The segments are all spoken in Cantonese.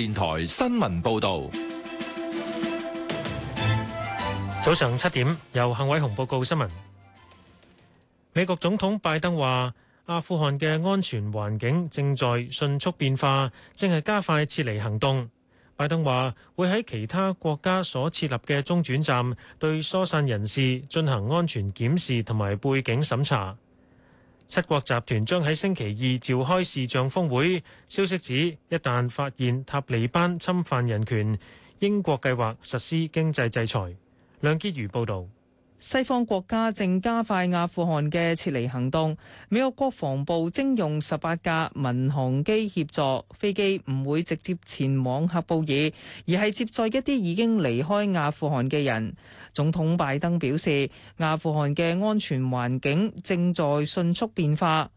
電台新聞報道，早上七點由幸偉雄報告新聞。美國總統拜登話，阿富汗嘅安全環境正在迅速變化，正係加快撤離行動。拜登話會喺其他國家所設立嘅中轉站對疏散人士進行安全檢視同埋背景審查。七國集團將喺星期二召開視像峰會，消息指一旦發現塔利班侵犯人權，英國計劃實施經濟制裁。梁潔如報導，西方國家正加快阿富汗嘅撤離行動，美國國防部徵用十八架民航機協助，飛機唔會直接前往喀布爾，而係接載一啲已經離開阿富汗嘅人。總統拜登表示，阿富汗嘅安全環境正在迅速變化。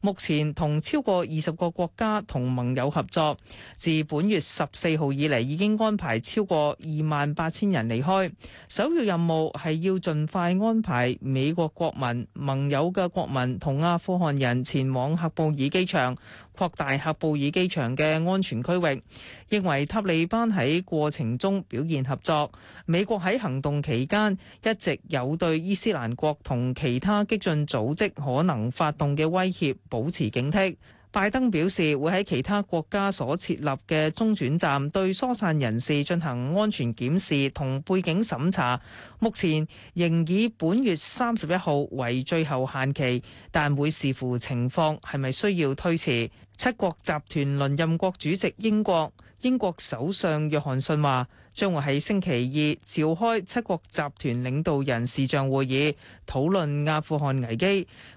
目前同超過二十個國家同盟友合作，自本月十四號以嚟已經安排超過二萬八千人離開。首要任務係要盡快安排美國國民、盟友嘅國民同阿富汗人前往喀布爾機場，擴大喀布爾機場嘅安全區域。認為塔利班喺過程中表現合作，美國喺行動期間一直有對伊斯蘭國同其他激進組織可能發動嘅威脅。保持警惕。拜登表示會喺其他國家所設立嘅中轉站對疏散人士進行安全檢視同背景審查，目前仍以本月三十一號為最後限期，但會視乎情況係咪需要推遲。七國集團輪任國主席英國，英國首相約翰遜話。將會喺星期二召開七國集團領導人視像會議討論阿富汗危機，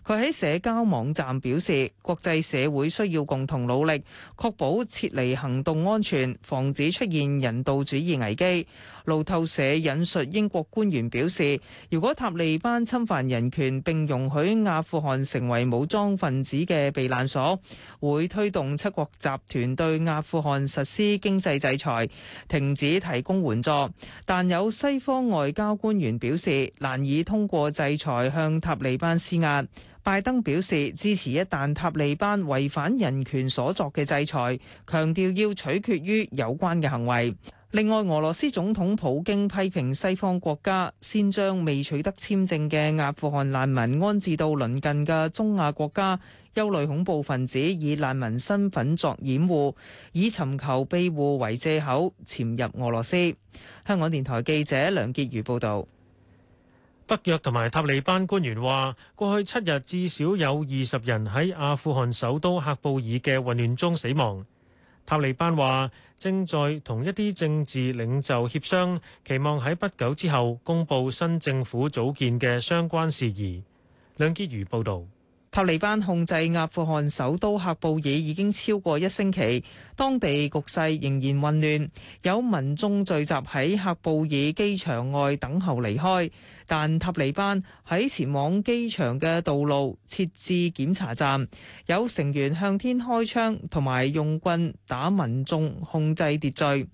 佢喺社交網站表示，國際社會需要共同努力，確保撤離行動安全，防止出現人道主義危機。路透社引述英國官員表示，如果塔利班侵犯人權並容許阿富汗成為武裝分子嘅避難所，會推動七國集團對阿富汗實施經濟制裁，停止提供。援助，但有西方外交官員表示，難以通過制裁向塔利班施壓。拜登表示支持一旦塔利班違反人權所作嘅制裁，強調要取決於有關嘅行為。另外，俄羅斯總統普京批評西方國家先將未取得簽證嘅阿富汗難民安置到鄰近嘅中亞國家，憂慮恐怖分子以難民身份作掩護，以尋求庇護為借口潛入俄羅斯。香港電台記者梁潔如報道。北約同埋塔利班官員話，過去七日至少有二十人喺阿富汗首都喀布爾嘅混亂中死亡。塔利班話正在同一啲政治領袖協商，期望喺不久之後公佈新政府組建嘅相關事宜。梁潔如報導。塔利班控制阿富汗首都喀布爾已經超過一星期，當地局勢仍然混亂，有民眾聚集喺喀布爾機場外等候離開，但塔利班喺前往機場嘅道路設置檢查站，有成員向天開槍同埋用棍打民眾控制秩序。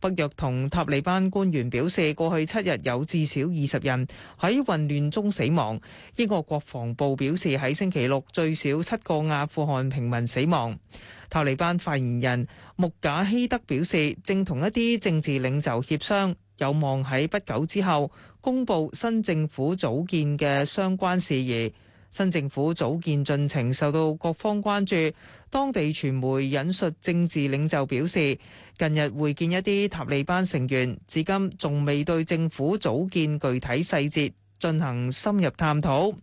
北約同塔利班官員表示，過去七日有至少二十人喺混亂中死亡。英國國防部表示喺星期。記錄最少七個阿富汗平民死亡。塔利班發言人穆賈希德表示，正同一啲政治領袖協商，有望喺不久之後公布新政府組建嘅相關事宜。新政府組建進程受到各方關注，當地傳媒引述政治領袖表示，近日會見一啲塔利班成員，至今仲未對政府組建具體細節。進行深入探討，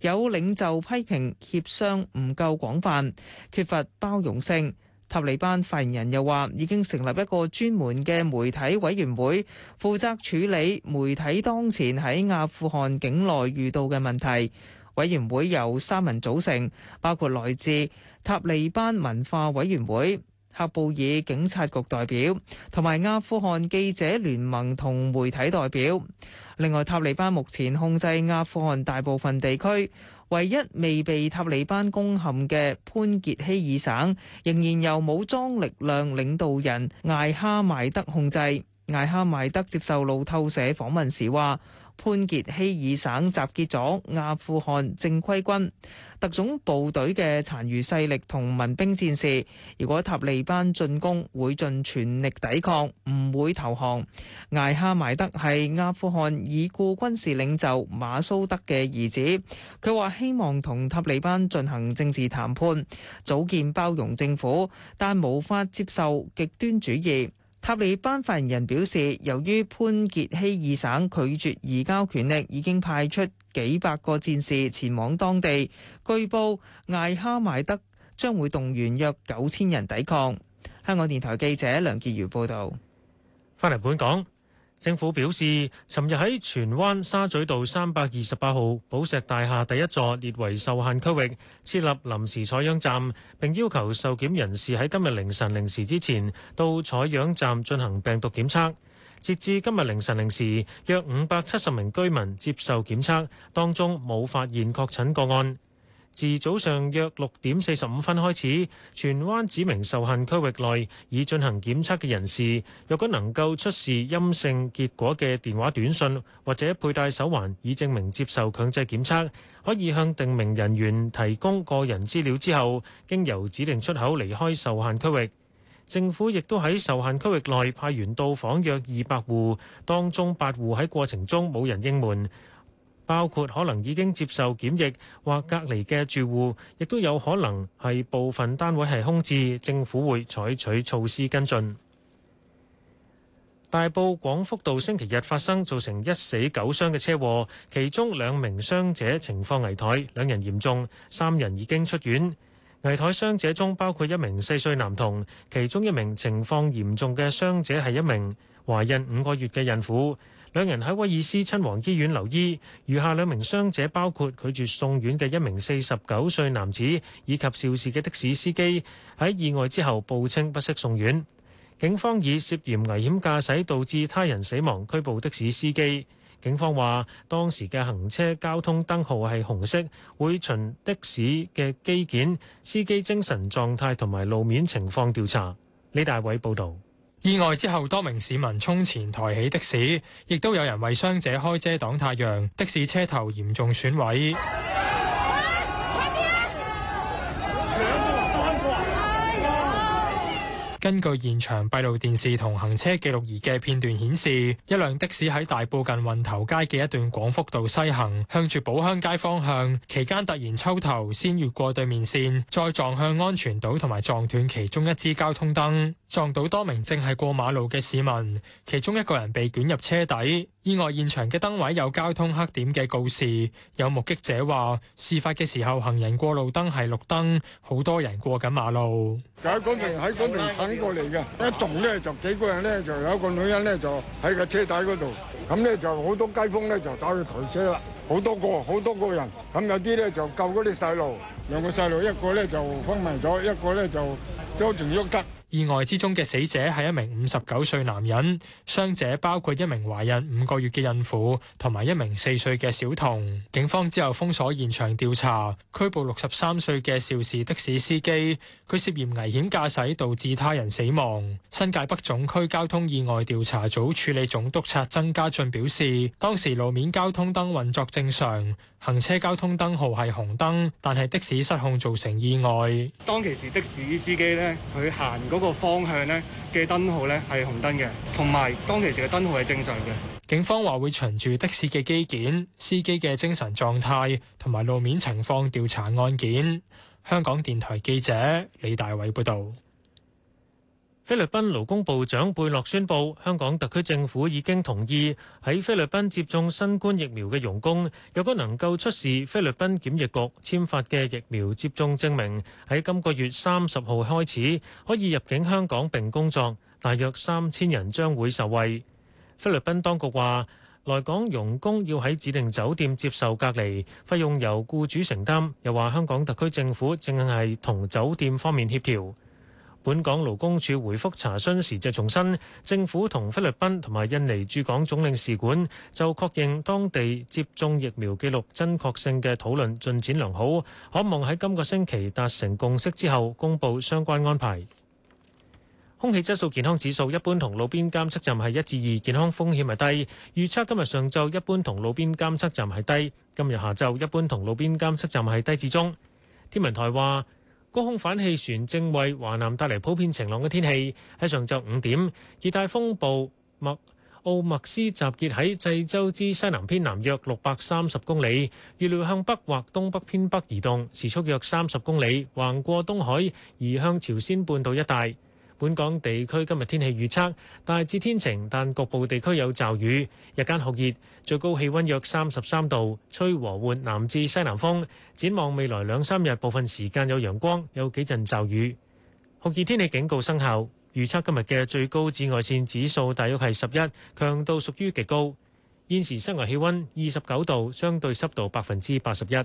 有領袖批評協商唔夠廣泛，缺乏包容性。塔利班發言人又話，已經成立一個專門嘅媒體委員會，負責處理媒體當前喺阿富汗境內遇到嘅問題。委員會由三人組成，包括來自塔利班文化委員會、喀布爾警察局代表同埋阿富汗記者聯盟同媒體代表。另外，塔利班目前控制阿富汗大部分地區，唯一未被塔利班攻陷嘅潘傑希爾省，仍然由武裝力量領導人艾哈邁德控制。艾哈邁德接受路透社訪問時話。潘傑希爾省集結咗阿富汗正規軍特種部隊嘅殘餘勢力同民兵戰士。如果塔利班進攻，會盡全力抵抗，唔會投降。艾哈邁德係阿富汗已故軍事領袖馬蘇德嘅兒子，佢話希望同塔利班進行政治談判，組建包容政府，但無法接受極端主義。塔利班發言人，人表示，由於潘傑希爾省拒絕移交權力，已經派出幾百個戰士前往當地。據報艾哈邁德將會動員約九千人抵抗。香港電台記者梁潔如報導。翻嚟本港。政府表示，尋日喺荃灣沙咀道三百二十八號寶石大廈第一座列為受限區域，設立臨時採樣站，並要求受檢人士喺今日凌晨零時之前到採樣站進行病毒檢測，截至今日凌晨零時約五百七十名居民接受檢測，當中冇發現確診個案。自早上約六點四十五分開始，荃灣指明受限區域內已進行檢測嘅人士，若果能夠出示陰性結果嘅電話短訊，或者佩戴手環以證明接受強制檢測，可以向定名人員提供個人資料之後，經由指定出口離開受限區域。政府亦都喺受限區域內派員到訪約二百戶，當中八戶喺過程中冇人應門。包括可能已經接受檢疫或隔離嘅住戶，亦都有可能係部分單位係空置，政府會採取措施跟進。大埔廣福道星期日發生造成一死九傷嘅車禍，其中兩名傷者情況危殆，兩人嚴重，三人已經出院。危殆傷者中包括一名四歲男童，其中一名情況嚴重嘅傷者係一名懷孕五個月嘅孕婦。兩人喺威爾斯親王醫院留醫，餘下兩名傷者包括拒絕送院嘅一名四十九歲男子，以及肇事嘅的士司機，喺意外之後報稱不適送院。警方以涉嫌危險駕駛導致他人死亡拘捕的士司機，警方話當時嘅行車交通燈號係紅色，會循的士嘅機件、司機精神狀態同埋路面情況調查。李大偉報道。意外之後，多名市民衝前抬起的士，亦都有人為傷者開遮擋太陽。的士車頭嚴重損毀。哎啊哎哎、根據現場閉路電視同行車記錄儀嘅片段顯示，一輛的士喺大埔近運頭街嘅一段廣福道西行，向住寶鄉街方向，期間突然抽頭，先越過對面線，再撞向安全島同埋撞斷其中一支交通燈。撞到多名正係過馬路嘅市民，其中一個人被捲入車底。意外現場嘅燈位有交通黑點嘅告示。有目擊者話，事發嘅時候行人過路燈係綠燈，好多人過緊馬路。就喺嗰邊喺嗰邊鏟過嚟嘅，一撞呢，就幾個人呢，就有一個女人呢，就喺個車底嗰度，咁呢，就好多街坊呢，就走去抬車啦，好多個好多個人，咁有啲呢，就救嗰啲細路，兩個細路一個呢，就昏迷咗，一個呢，就都仲喐得。意外之中嘅死者係一名五十九歲男人，傷者包括一名懷孕五個月嘅孕婦同埋一名四歲嘅小童。警方之後封鎖現場調查，拘捕六十三歲嘅肇事的士司機，佢涉嫌危險駕駛導致他人死亡。新界北總區交通意外調查組處理總督察曾家俊表示，當時路面交通燈運作正常。行車交通燈號係紅燈，但係的士失控造成意外。當其時的士司機呢，佢行嗰個方向呢嘅燈號呢係紅燈嘅，同埋當其時嘅燈號係正常嘅。警方話會循住的士嘅機件、司機嘅精神狀態同埋路面情況調查案件。香港電台記者李大偉報道。菲律賓勞工部長貝洛宣布，香港特區政府已經同意喺菲律賓接種新冠疫苗嘅傭工，若果能夠出示菲律賓檢疫局簽發嘅疫苗接種證明，喺今個月三十號開始可以入境香港並工作，大約三千人將會受惠。菲律賓當局話，來港傭工要喺指定酒店接受隔離，費用由僱主承擔。又話香港特區政府正係同酒店方面協調。本港勞工處回覆查詢時就重申，政府同菲律賓同埋印尼駐港總領事館就確認當地接種疫苗記錄真確性嘅討論進展良好，可望喺今個星期達成共識之後公布相關安排。空氣質素健康指數一般同路邊監測站係一至二，健康風險係低。預測今日上晝一般同路邊監測站係低，今日下晝一般同路邊監測站係低至中。天文台話。高空反氣旋正為華南帶嚟普遍晴朗嘅天氣。喺上晝五點，熱帶風暴奧麥斯集結喺濟州之西南偏南約六百三十公里，預料向北或東北偏北移動，時速約三十公里，橫過東海移向朝鮮半島一帶。本港地區今日天氣預測，大致天晴，但局部地區有驟雨，日間酷熱，最高氣溫約三十三度，吹和緩南至西南風。展望未來兩三日，部分時間有陽光，有幾陣驟雨。酷熱天氣警告生效，預測今日嘅最高紫外線指數大約係十一，強度屬於極高。現時室外氣溫二十九度，相對濕度百分之八十一。